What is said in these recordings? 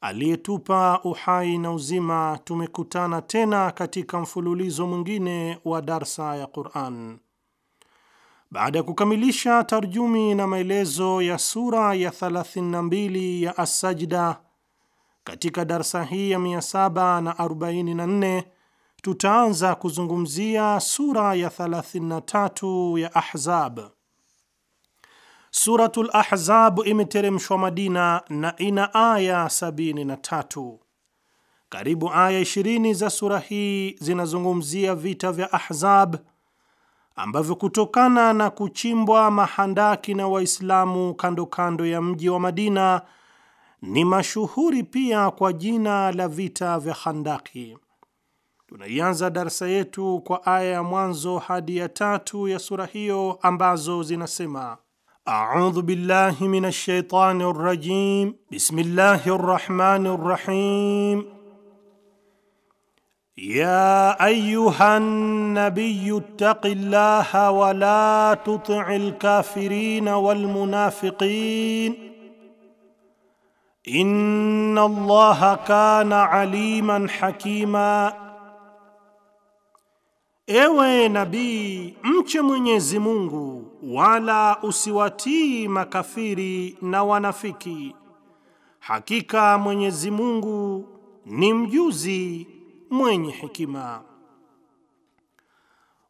aliyetupa uhai na uzima, tumekutana tena katika mfululizo mwingine wa darsa ya Quran. Baada ya kukamilisha tarjumi na maelezo ya sura ya 32 ya Assajda, katika darsa hii ya 744 tutaanza kuzungumzia sura ya 33 ya Ahzab. Suratul Ahzab imeteremshwa Madina na ina aya 73. Karibu aya 20 za sura hii zinazungumzia vita vya Ahzab ambavyo kutokana na kuchimbwa mahandaki na Waislamu kando kando ya mji wa Madina ni mashuhuri pia kwa jina la vita vya Khandaki. Tunaianza darsa yetu kwa aya ya mwanzo hadi ya tatu ya sura hiyo ambazo zinasema أعوذ بالله من الشيطان الرجيم بسم الله الرحمن الرحيم يا أيها النبي اتق الله ولا تطع الكافرين والمنافقين إن الله كان عليما حكيما Ewe nabii, mche Mwenyezi Mungu wala usiwatii makafiri na wanafiki. Hakika Mwenyezi Mungu ni mjuzi mwenye hikima.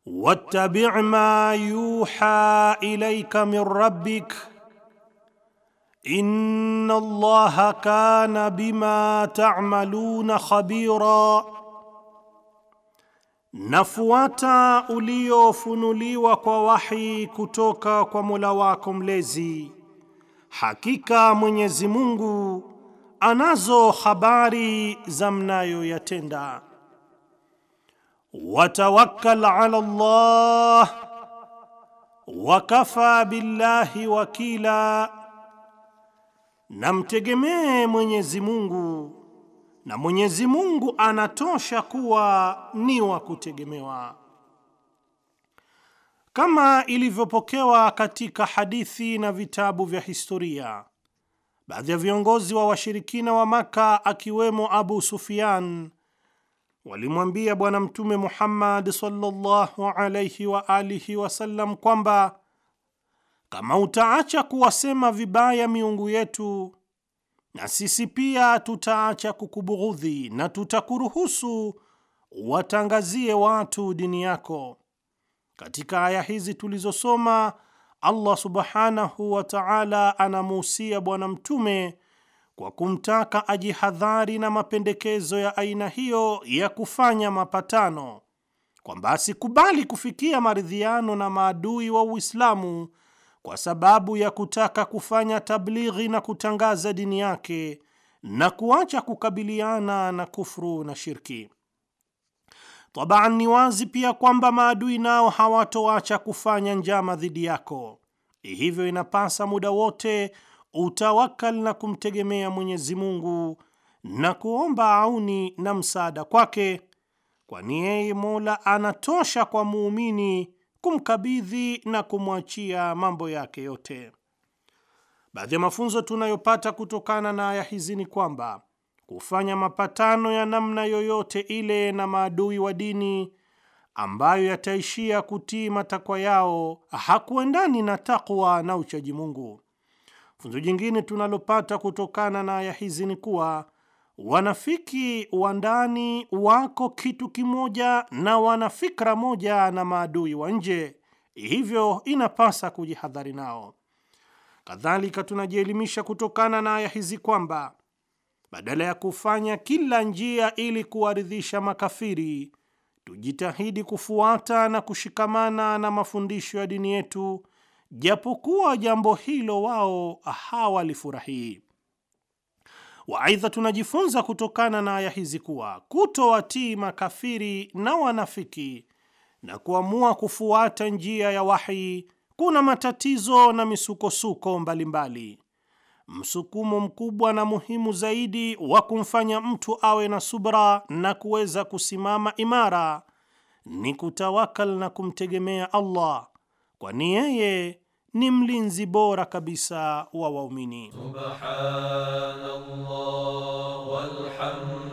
Wattabi' ma yuha ilayka min rabbik inna Allaha kana bima ta'maluna khabira Nafuata uliofunuliwa kwa wahi kutoka kwa Mola wako mlezi. Hakika Mwenyezi Mungu anazo habari za mnayoyatenda. Watawakkal ala Allah wakafa billahi wakila, na mtegemee Mwenyezi Mungu na Mwenyezi Mungu anatosha kuwa ni wa kutegemewa. Kama ilivyopokewa katika hadithi na vitabu vya historia, baadhi ya viongozi wa washirikina wa Maka akiwemo Abu Sufyan walimwambia Bwana Mtume Muhammad sallallahu alayhi wa alihi wasallam kwamba kama utaacha kuwasema vibaya miungu yetu na sisi pia tutaacha kukubughudhi na tutakuruhusu watangazie watu dini yako. Katika aya hizi tulizosoma, Allah subhanahu wa ta'ala anamuhusia Bwana Mtume kwa kumtaka ajihadhari na mapendekezo ya aina hiyo ya kufanya mapatano, kwamba asikubali kufikia maridhiano na maadui wa Uislamu kwa sababu ya kutaka kufanya tablighi na kutangaza dini yake na kuacha kukabiliana na kufru na shirki. Tabaan, ni wazi pia kwamba maadui nao hawatoacha kufanya njama dhidi yako, hivyo inapasa muda wote utawakal na kumtegemea Mwenyezi Mungu na kuomba auni na msaada kwake, kwani yeye Mola anatosha kwa muumini kumkabidhi na kumwachia mambo yake yote. Baadhi ya mafunzo tunayopata kutokana na aya hizi ni kwamba kufanya mapatano ya namna yoyote ile na maadui wa dini ambayo yataishia kutii matakwa yao hakuendani na takwa na uchaji Mungu. Funzo jingine tunalopata kutokana na aya hizi ni kuwa Wanafiki wa ndani wako kitu kimoja na wanafikra moja na maadui wa nje, hivyo inapasa kujihadhari nao. Kadhalika, tunajielimisha kutokana na aya hizi kwamba badala ya kufanya kila njia ili kuwaridhisha makafiri, tujitahidi kufuata na kushikamana na mafundisho ya dini yetu, japokuwa jambo hilo wao hawalifurahii. Waaidha, tunajifunza kutokana na aya hizi kuwa kutowatii makafiri na wanafiki na kuamua kufuata njia ya wahi kuna matatizo na misukosuko mbalimbali. Msukumo mkubwa na muhimu zaidi wa kumfanya mtu awe na subra na kuweza kusimama imara ni kutawakal na kumtegemea Allah, kwani yeye ni mlinzi bora kabisa wa waumini. Subhanallah walhamdulillah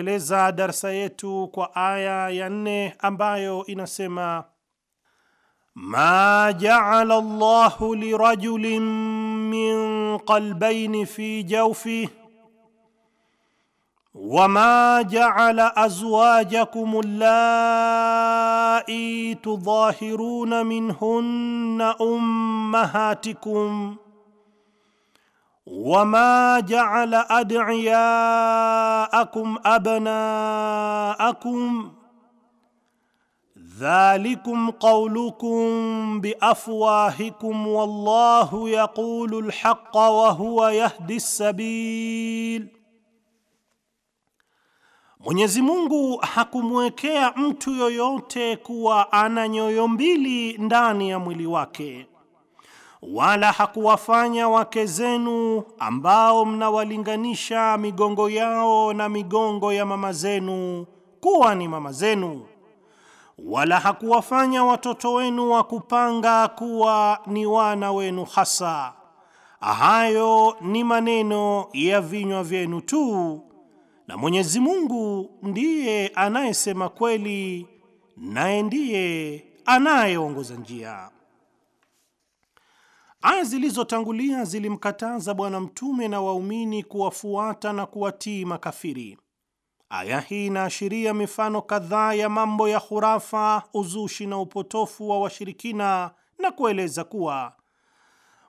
tunaendeleza darsa yetu kwa aya ya nne ambayo inasema ma jaala llahu lirajulin min qalbaini fi jaufi wama jaala azwajakum llai tudhahiruna minhunna ummahatikum وما جعل ادعياءكم ابناءكم ذلكم قولكم بافواهكم والله يقول الحق وهو يهدي السبيل Mwenyezi Mungu hakumwekea mtu yoyote kuwa ana nyoyo mbili ndani ya mwili wake. wala hakuwafanya wake zenu ambao mnawalinganisha migongo yao na migongo ya mama zenu kuwa ni mama zenu, wala hakuwafanya watoto wenu wa kupanga kuwa ni wana wenu hasa. Hayo ni maneno ya vinywa vyenu tu, na Mwenyezi Mungu ndiye anayesema kweli, naye ndiye anayeongoza njia. Aya zilizotangulia zilimkataza Bwana Mtume na waumini kuwafuata na kuwatii makafiri. Aya hii inaashiria mifano kadhaa ya mambo ya hurafa, uzushi na upotofu wa washirikina na kueleza kuwa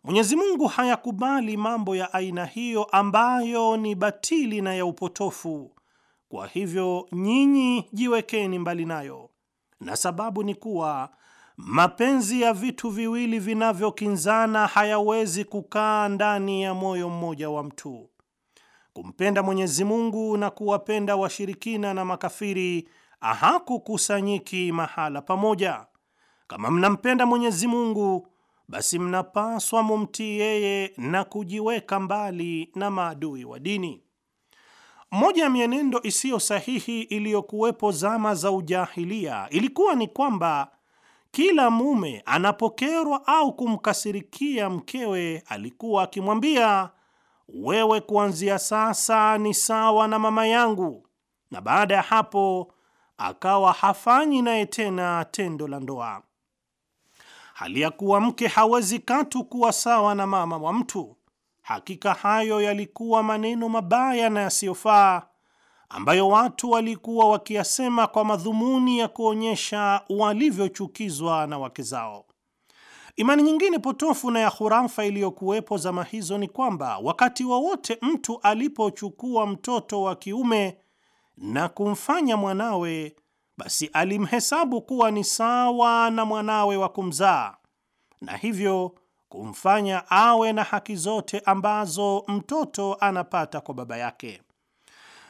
Mwenyezi Mungu hayakubali mambo ya aina hiyo ambayo ni batili na ya upotofu. Kwa hivyo nyinyi jiwekeni mbali nayo, na sababu ni kuwa Mapenzi ya vitu viwili vinavyokinzana hayawezi kukaa ndani ya moyo mmoja wa mtu. Kumpenda Mwenyezi Mungu na kuwapenda washirikina na makafiri hakukusanyiki mahala pamoja. Kama mnampenda Mwenyezi Mungu, basi mnapaswa mumtii yeye na kujiweka mbali na maadui wa dini. Moja ya mienendo isiyo sahihi iliyokuwepo zama za ujahilia ilikuwa ni kwamba kila mume anapokerwa au kumkasirikia mkewe, alikuwa akimwambia wewe, kuanzia sasa ni sawa na mama yangu, na baada ya hapo akawa hafanyi naye tena tendo la ndoa. Hali ya kuwa mke hawezi katu kuwa sawa na mama wa mtu. Hakika hayo yalikuwa maneno mabaya na yasiyofaa ambayo watu walikuwa wakiyasema kwa madhumuni ya kuonyesha walivyochukizwa na wake zao. Imani nyingine potofu na ya khurafa iliyokuwepo zama hizo ni kwamba wakati wowote wa mtu alipochukua mtoto wa kiume na kumfanya mwanawe, basi alimhesabu kuwa ni sawa na mwanawe wa kumzaa na hivyo kumfanya awe na haki zote ambazo mtoto anapata kwa baba yake.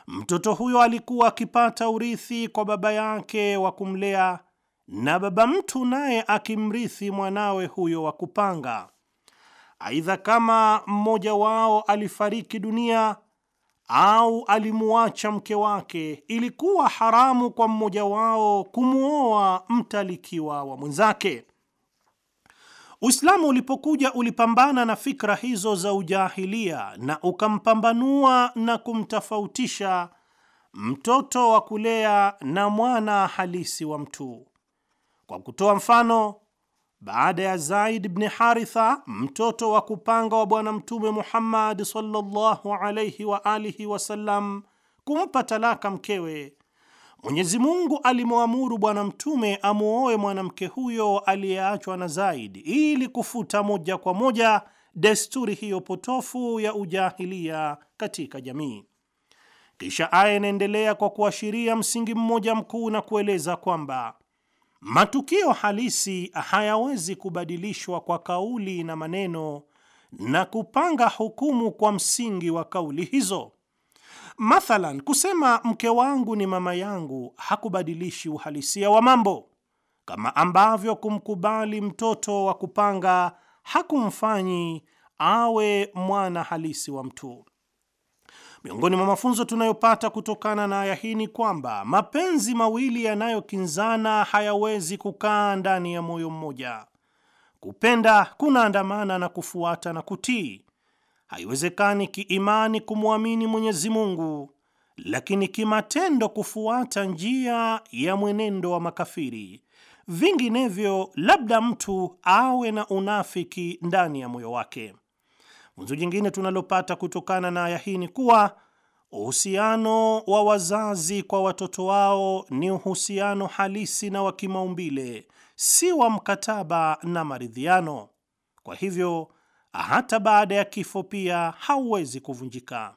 Mtoto huyo alikuwa akipata urithi kwa baba yake wa kumlea na baba mtu naye akimrithi mwanawe huyo wa kupanga. Aidha, kama mmoja wao alifariki dunia au alimuacha mke wake, ilikuwa haramu kwa mmoja wao kumwoa mtalikiwa wa mwenzake. Uislamu ulipokuja ulipambana na fikra hizo za ujahilia na ukampambanua na kumtofautisha mtoto wa kulea na mwana halisi wa mtu kwa kutoa mfano baada ya Zaid bni Haritha, mtoto wa kupanga wa Bwana Mtume Muhammad sallallahu alayhi wa alihi wasallam, kumpa talaka mkewe, Mwenyezi Mungu alimwamuru Bwana Mtume amwoe mwanamke huyo aliyeachwa na zaidi ili kufuta moja kwa moja desturi hiyo potofu ya ujahilia katika jamii. Kisha aya inaendelea kwa kuashiria msingi mmoja mkuu na kueleza kwamba matukio halisi hayawezi kubadilishwa kwa kauli na maneno na kupanga hukumu kwa msingi wa kauli hizo, Mathalan, kusema mke wangu ni mama yangu hakubadilishi uhalisia wa mambo, kama ambavyo kumkubali mtoto wa kupanga hakumfanyi awe mwana halisi wa mtu. Miongoni mwa mafunzo tunayopata kutokana na aya hii ni kwamba mapenzi mawili yanayokinzana hayawezi kukaa ndani ya moyo mmoja. Kupenda kunaandamana na kufuata na kutii, Haiwezekani kiimani kumwamini Mwenyezi Mungu, lakini kimatendo kufuata njia ya mwenendo wa makafiri. Vinginevyo labda mtu awe na unafiki ndani ya moyo wake. Funzo jingine tunalopata kutokana na aya hii ni kuwa uhusiano wa wazazi kwa watoto wao ni uhusiano halisi na wa kimaumbile, si wa mkataba na maridhiano. Kwa hivyo hata baada ya kifo pia hauwezi kuvunjika.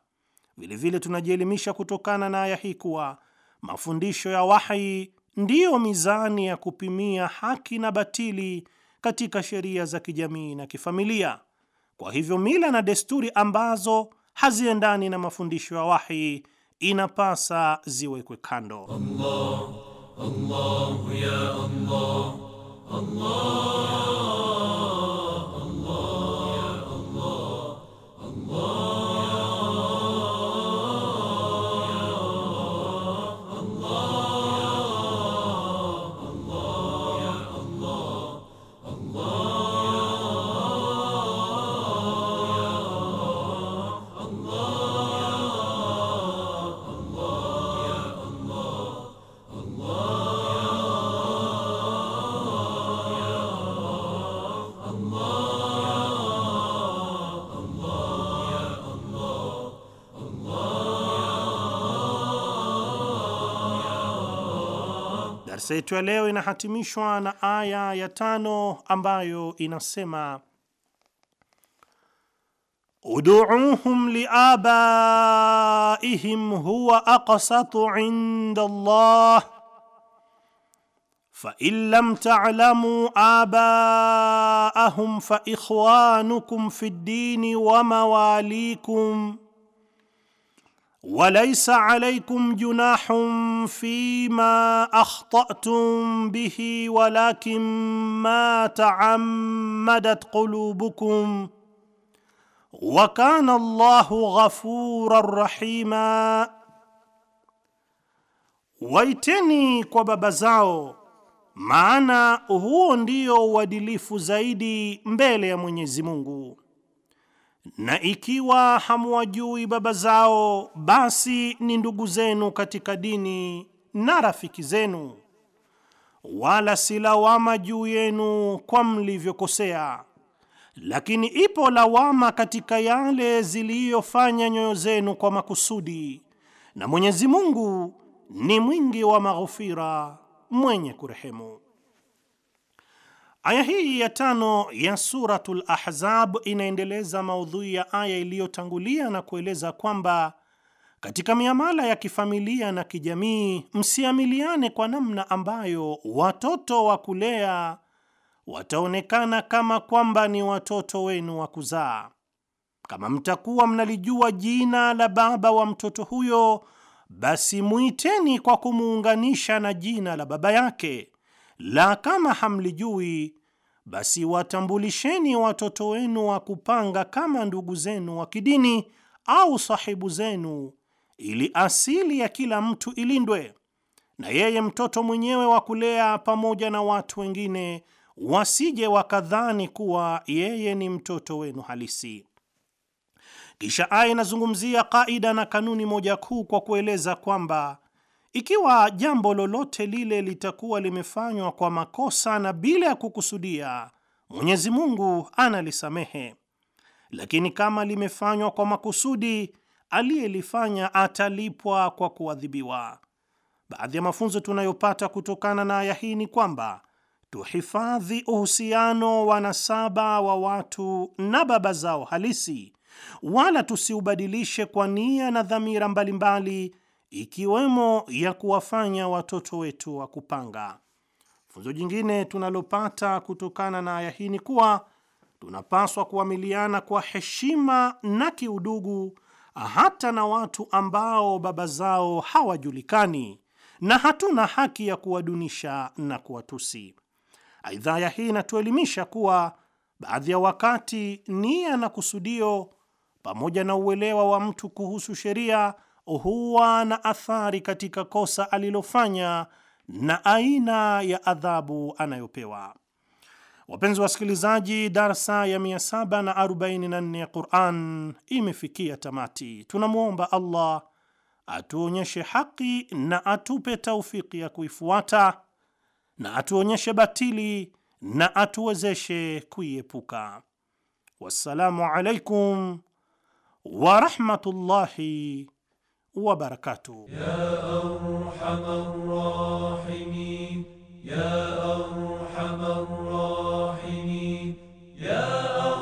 Vilevile tunajielimisha kutokana na aya hii kuwa mafundisho ya wahi ndiyo mizani ya kupimia haki na batili katika sheria za kijamii na kifamilia. Kwa hivyo, mila na desturi ambazo haziendani na mafundisho ya wahi inapasa ziwekwe kando. Allah, Allah, ya Allah, Allah. Darsa yetu ya leo inahatimishwa na aya ya tano ambayo inasema uduuhum liabaihim huwa aqsatu inda Allah fain lam taalamu abaahum fa ikhwanukum fi ddini wa mawalikum walaisa alaikum junahun fima akhtatum bihi walakin ma taammadat qulubukum wa kana Allahu ghafuran rahima. Waiteni kwa baba zao, maana huo ndio uadilifu zaidi mbele ya Mwenyezi Mungu na ikiwa hamwajui baba zao, basi ni ndugu zenu katika dini na rafiki zenu, wala si lawama juu yenu kwa mlivyokosea, lakini ipo lawama katika yale ziliyofanya nyoyo zenu kwa makusudi, na Mwenyezi Mungu ni mwingi wa maghufira mwenye kurehemu. Aya hii ya tano ya Suratul Ahzab inaendeleza maudhui ya aya iliyotangulia na kueleza kwamba katika miamala ya kifamilia na kijamii, msiamiliane kwa namna ambayo watoto wa kulea wataonekana kama kwamba ni watoto wenu wa kuzaa. Kama mtakuwa mnalijua jina la baba wa mtoto huyo, basi mwiteni kwa kumuunganisha na jina la baba yake la kama hamlijui, basi watambulisheni watoto wenu wa kupanga kama ndugu zenu wa kidini au sahibu zenu, ili asili ya kila mtu ilindwe, na yeye mtoto mwenyewe wa kulea pamoja na watu wengine wasije wakadhani kuwa yeye ni mtoto wenu halisi. Kisha aya inazungumzia kaida na kanuni moja kuu kwa kueleza kwamba ikiwa jambo lolote lile litakuwa limefanywa kwa makosa na bila ya kukusudia, Mwenyezi Mungu analisamehe, lakini kama limefanywa kwa makusudi, aliyelifanya atalipwa kwa kuadhibiwa. Baadhi ya mafunzo tunayopata kutokana na aya hii ni kwamba tuhifadhi uhusiano wa nasaba wa watu na baba zao halisi, wala tusiubadilishe kwa nia na dhamira mbalimbali ikiwemo ya kuwafanya watoto wetu wa kupanga. Funzo jingine tunalopata kutokana na aya hii ni kuwa tunapaswa kuamiliana kwa heshima na kiudugu hata na watu ambao baba zao hawajulikani na hatuna haki ya kuwadunisha na kuwatusi. Aidha, aya hii inatuelimisha kuwa baadhi ya wakati nia na kusudio pamoja na uelewa wa mtu kuhusu sheria huwa na athari katika kosa alilofanya na aina ya adhabu anayopewa. Wapenzi wasikilizaji, darsa ya 744 ya Quran imefikia tamati. Tunamwomba Allah atuonyeshe haki na atupe taufiki ya kuifuata na atuonyeshe batili na atuwezeshe kuiepuka. Wassalamu alaikum warahmatullahi وبركاته يا أرحم الراحمين يا أرحم الراحمين يا أرحم